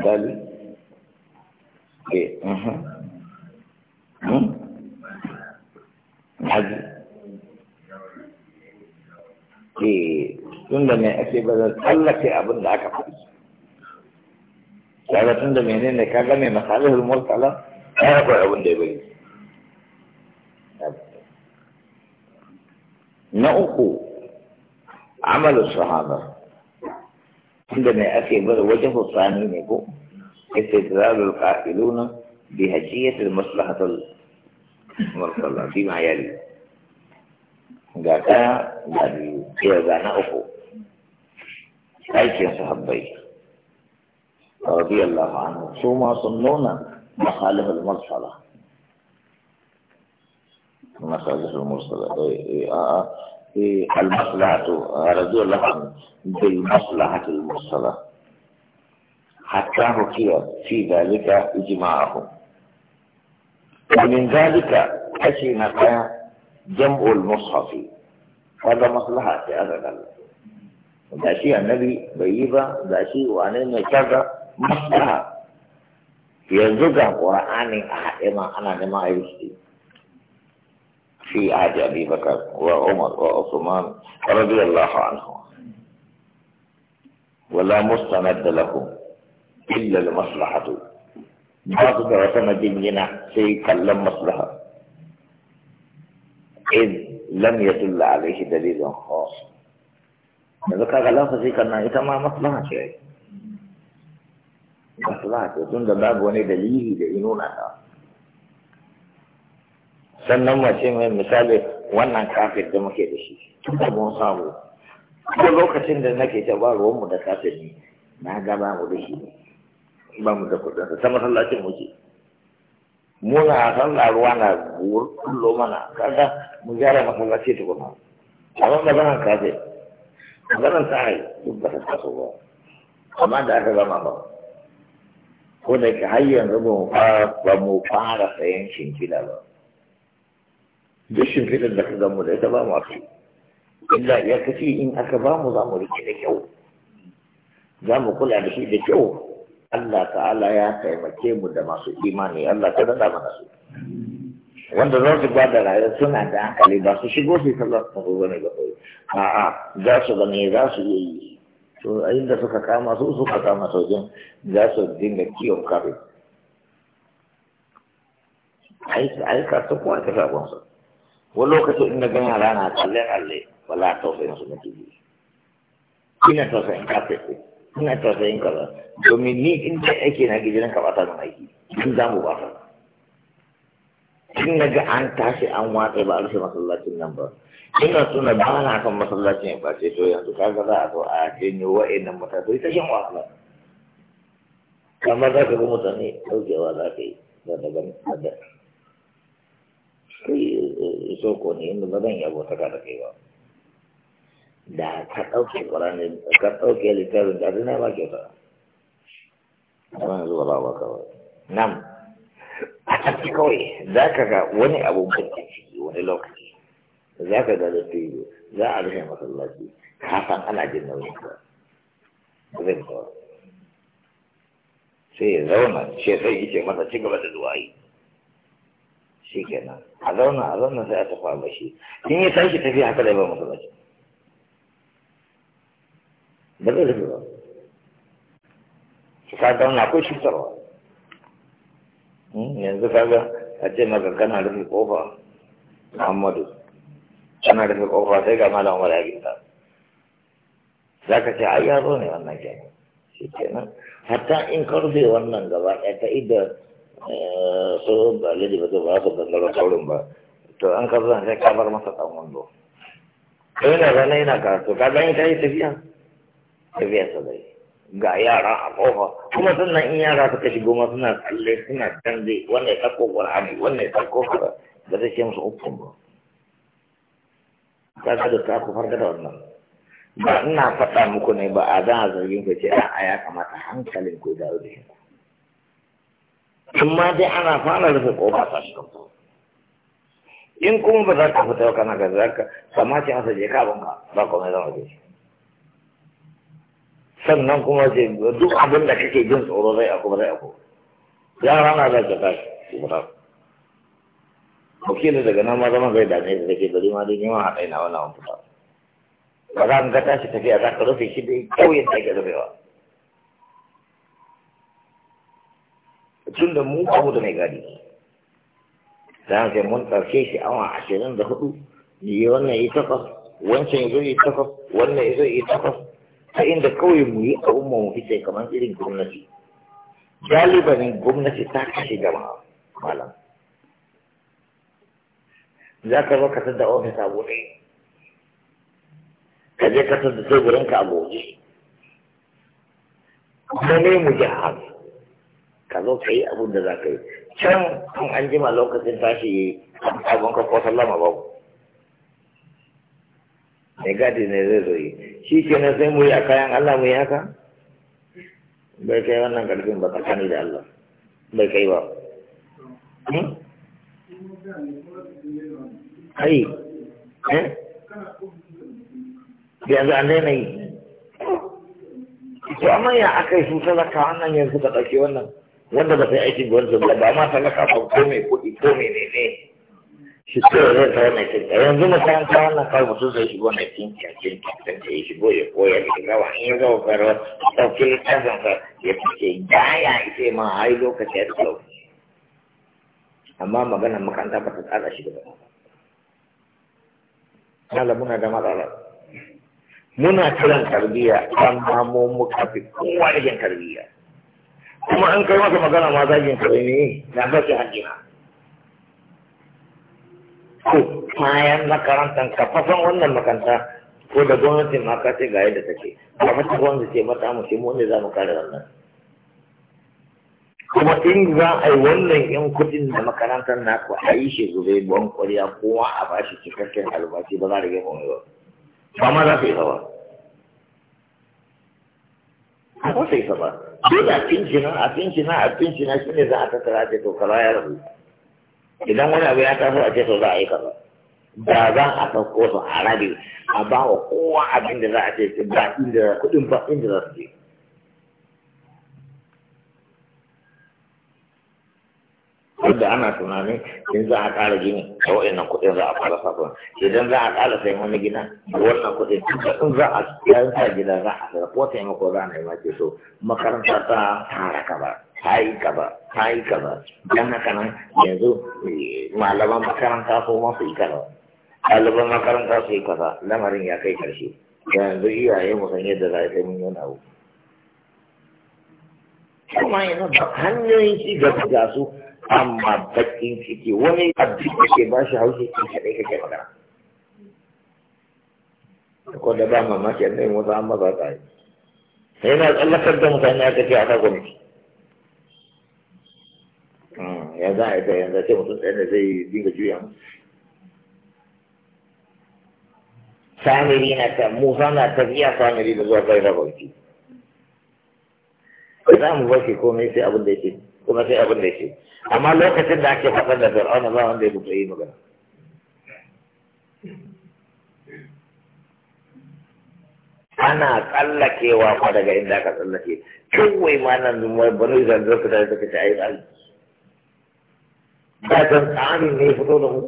Bali. Eh, aha. Hmm? Haji. Eh, tun da mai ake ba zan tsallake abin da aka faɗi. Kaga tun da mene ne kaga mai masalihul murtala ya akwai abin da ya bari. Na uku, amalu sahaba. عندما يأتي وجه الثاني يقول استدلال القائلون بهجية المصلحة المرسلة فيما يلي جاكا جابي جانا أخو أيكي صحبي رضي الله عنه شو ما صنونا مخالف المرسلة مخالف المرسلة إيه، إيه، آه, آه. في المصلحة رضي الله عنه بالمصلحة المرسلة حتى حكي في ذلك إجماعهم ومن ذلك حسن جمع المصحف هذا مصلحة هذا قال داشي النبي بيبا داشي وأنا كذا مصلحة ينزل القرآن أحد إما أنا لما يشتي في عهد أبي بكر وعمر وعثمان رضي الله عنهم ولا مستند لهم إلا المصلحة بعض درسنا جنجنا سيكلم مصلحة إذ لم يدل عليه دليل خاص ذكر الله فذكرنا ما مصلحة شيء مصلحة تندى باب وني دليل لإنونها sannan mace mai misali wannan kafin da muke da shi tun da mun samu ko lokacin da nake ta ba ruwanmu da kafin ne na gaba mu da shi ne ba mu da kuɗin ta masallacin muke muna sallah ruwa na guwar kullo mana kaga mu gyara masallaci tukuna amma maganar kafin maganar ta yi duk ba ta taso ba amma da aka gama ba ko da ke har yanzu ba mu fara sayan shinkila ba duk shimfiɗar da ka mu da ita ba mu akai illa ya kace in aka ba mu za mu rike da kyau za mu kula da shi da kyau Allah ta'ala ya taimake mu da masu imani Allah ta dada mana su wanda za su ba da suna da hankali ba su shigo su sallar su zo ne ba a'a za su ne za su yi to inda suka kama su suka kama sojin za su dinga kiwon kare aika ta kuma ta sabon sa. wani lokacin inda gana rana tsalle tsalle wala tausayin su nake ji ina tausayin kafin ina tausayin kaza domin ni in ta aiki na gidan ka bata zama aiki in za mu bata in na ga an tashi an watsa ba a rufe masallacin nan ba ina suna ba na kan masallacin ba ce to yanzu ka ga za a zo a janyo wa'annan matakai ta shan wahala kamar za ka ga mutane ɗaukewa za ka yi da daga iso ko ne inda ba zan yi abotaka da kai ba da ka ɗauke ƙwararren ka ɗauke littafin da zina ba kyauta wani zuwa ba ba kawai nan a tafi kawai za ka ga wani abu bakin ciki wani lokaci za ka ga da fiye za a rufe masallaci kafan ana jin nauyin ka zai kawai sai ya zauna shi sai yake masa ci gaba da duwayi shi kenan a zauna a zauna sai a tafa ba shi in ya tashi tafiya haka da ba masallaci ba zai tafi ba su ka zauna shi cutarwa hmm, yanzu kaga a ce maka kana rufe kofa muhammadu kana rufe kofa sai ga malam umar ya gita za ka ce ai yaro ne wannan kenan shi kenan hatta in ka rufe wannan gaba ɗaya ta idan Eh, so ba ladi ba zai ba su dangaro kaurin ba to an karza sai ka bar masa dan wando kai na zana yana karatu ka dan kai tafiya tafiya sa dai ga yara a kofa kuma sannan in yara suka shigo ma suna tsalle suna canje wannan ya tsakko qur'ani wannan ya tsakko kaza ba zai ce musu ukun ba ka ga da ta ku farka da wannan ba ina faɗa muku ne ba a zan a zargin ku ce a ya kamata hankalin ku da shi amma dai ana fara rufe ƙofa ta shi in kuma ba za ka fita kana ga za ka sama ce masa je ka banka ba kuma zama ke sannan kuma ce duk abin da kake jin tsoro zai aku zai aku yara na zai ka tashi su ba wakilin daga nan ma zama zai dame da take bari ma dai yawan haɗai na wani wani fita ba za ka tashi tafiya za ka rufe shi dai kauyen da ke rufewa tun da mu abu da mai gadi za haka mun ɗauke shi awa ashirin da hudu yi wannan yi takwas wancan yazo yi takwas wannan yazo yi takwas ta inda kawai mu yi abun mu sai kamar irin gwamnati galibin gwamnati ta kashe jama'a malam za ka zo ka tada ofis a buɗe ka je ka tada teburinka a buɗe mu ne mu haka ka zo ka yi abin da za ka yi can an an jima lokacin tashi abin ka ko sallama babu mai gadi ne zai zo yi shi kenan sai mu yi a kayan Allah mu yi haka bai kai wannan karfin ba tsakani da Allah bai kai ba hmm? ai eh yanzu an daina yi to amma ya aka yi su talaka wannan yanzu ka ɗauki wannan wanda ba sai aikin gwamnati ba ba ma talaka ba ko mai kuɗi ko mai ne shi kawai zai ta wannan kinka yanzu makaranta wannan kawai mutum zai shigo na kinka kinka don ta yi shigo ya koya da gawa in ya gawa karo ɗauke littafin ya fice gaya ita ma a yi lokaci ya tsawo amma magana makaranta ba ta tsara shi gaba kala muna da matsala muna kiran tarbiyya amma mu muka fi kowa da yin tarbiyya kuma an kai masa magana ma zagin ka ne na sake hakina ko kayan makarantar ka wannan makaranta ko da gwamnatin ma ce ga yadda take ba mata gwamnati ce mata mu ce mu ne za mu kare wannan kuma in za a yi wannan yan kudin da makarantar naku a yi shi zube buwan kwariya kowa a ba shi cikakken albashi ba za a rage komai ba ba ma za su yi hawa ba su yi ba. dole a fincina a fincina a fincina shi ne za a tattara ce to ya rabu idan wani abu ya taso a ce to za a yi kaza ba za a ɗauko su a rabe a ba wa kowa abin da za a ce ba inda kuɗin ba inda za su je duk da ana tunanin in za a ƙara gini a wa'annan kuɗin za a fara sabon idan za a ƙara sai wani gina wannan kuɗin in za a ta gida za a saya ko mako za a nema ce so makaranta ta fara kaba ta yi kaba ta yi kaba don haka nan yanzu eh, malaman makaranta su ma su yi kaza ɗaliban makaranta su yi kaza lamarin ya kai ƙarshe yanzu iyaye mu san yadda za a yi mun yana wuce. Kuma yanzu hanyoyin ci gaba ga su amma bakin ciki wani abin da ke ba shi haushi in kaɗai kake magana ko da ba mamaki yadda yin wasu amma ba ta yi Sai na tsallakar da mutane aka ce a ta gwamnati hmm, ya za a yi ta yanzu ce mutum ɗaya da zai dinga juya samiri na ta musa na tafiya samiri da zuwa zai rabauci za mu bashi komai sai abin da yake kuma sai abin da yake amma lokacin da ake faɗa da fir'auna ba wanda ya buɗe yi magana ana tsallakewa fa daga inda aka tsallake kawai ma nan zumar bani zanzar fita da suka ci ayi tsari ba san tsarin ne fito da mu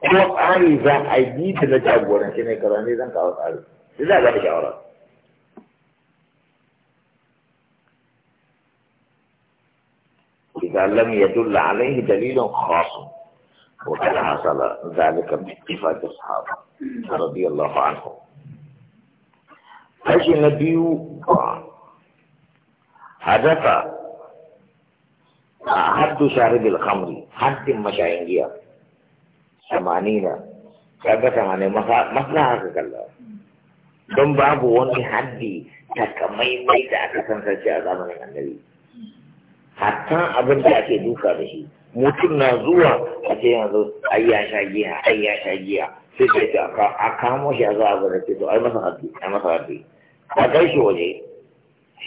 kuma tsari za a yi da na jagoranci ne kaza ne zan kawo tsari sai za a ba da shawara لم يدل عليه دليل خاص وقد حصل ذلك باتفاق الصحابة رضي الله عنهم فجي النبي حدث حد شارب الخمر حد مشاهنجية ثمانين كذا ثمانين مثلا حقك الله دم بابو وني حدي تكمي ميت أكثر سجادة من النبي hatta abin da ake duka da shi mutum na zuwa a ce yanzu ai ya sha giya ai ya sha giya sai da ce a kamo shi a za a gwada to ai masa haddi ai masa haddi a kai shi waje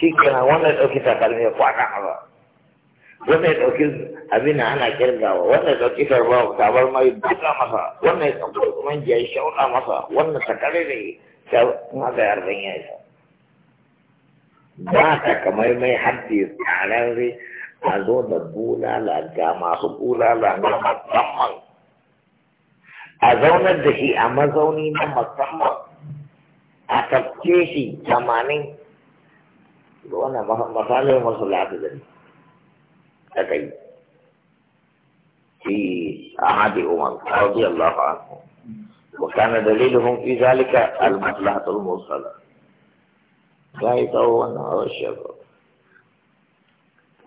shi kenan wannan ɗauki takalmi ya kwaɗa a ba wannan ya ɗauki abin ana kirgawa wannan ya ɗauki tarbawa tabar mai buga masa wannan ya ɗauki kuman jiya shauɗa masa wannan takarai da ta maza yarban ya isa ba ta kamar mai haddi tsararre a zo da bulala ga masu bulala na musamman a zaunar da shi a mazauni na musamman a tafke shi tamanin wannan masalin masu lafiya da kai في عهد عمر رضي الله عنه وكان دليلهم في ذلك المصلحة المرسلة لا يتوون على الشباب